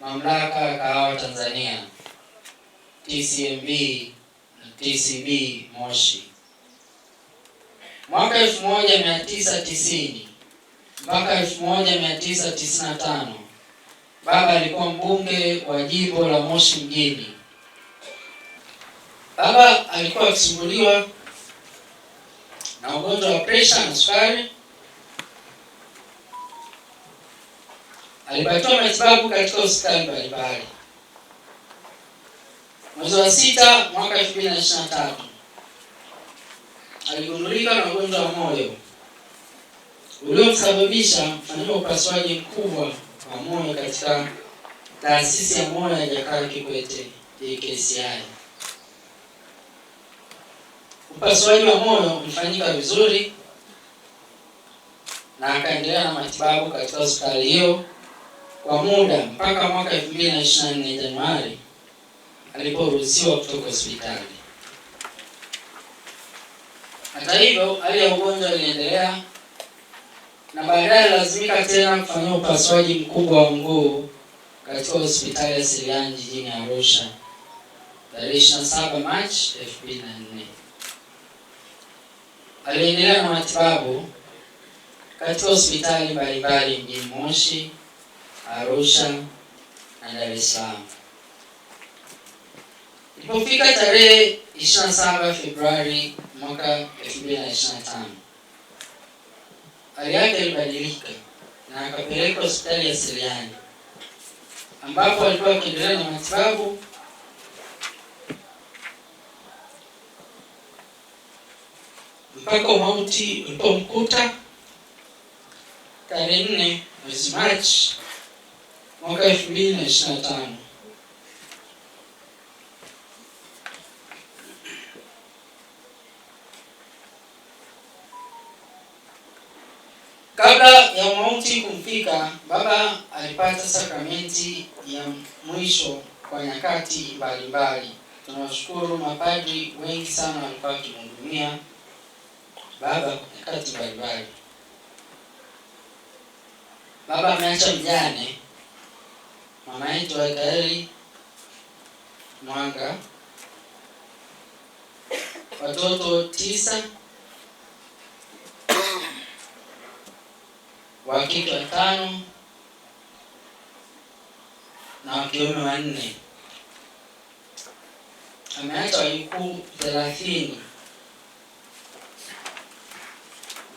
Mamlaka ya Kahawa Tanzania TCMB na TCB Moshi. Mwaka 1990 mpaka 1995 baba alikuwa mbunge wa jimbo la Moshi mjini. Baba alikuwa akisumbuliwa na ugonjwa wa presha na sukari alipatiwa matibabu katika hospitali mbalimbali. Mwezi wa sita mwaka tatu aligundulika na ugonjwa wa moyo uliomsababisha kufanyiwa upasuaji mkubwa wa moyo katika taasisi ya moyo ya Jakaya Kikwete JKCI. Upasuaji wa moyo ulifanyika vizuri na akaendelea na matibabu katika hospitali hiyo kwa muda mpaka mwaka 2024 Januari aliporuhusiwa kutoka hospitali. Hata hivyo, hali ya ugonjwa iliendelea na baadaye lazimika tena kufanyia upasuaji mkubwa wa mguu katika hospitali ya Selian jijini Arusha tarehe 27 Machi 2024. Aliendelea na matibabu katika hospitali mbalimbali mjini Moshi Arusha na Dar es Salaam. Ilipofika tarehe 27 Februari mwaka 2025, hali yake ilibadilika na akapelekwa hospitali ya Seliani ambapo alikuwa akiendelea na matibabu mpaka mauti ulipomkuta tarehe 4 mwezi Machi mwaka elfu mbili na ishirini na tano. Kabla ya mauti kumfika, Baba alipata sakramenti ya mwisho kwa nyakati mbalimbali. Tunawashukuru mapadri wengi sana walikuwa wakimhudumia Baba kwa nyakati mbalimbali. Baba ameacha mjane anaitwa Ikaeli Mwanga, watoto tisa wa kike watano na wakiume wanne. Ameacha wajukuu thelathini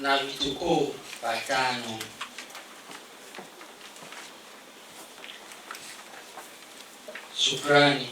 na vitukuu watano. собраний.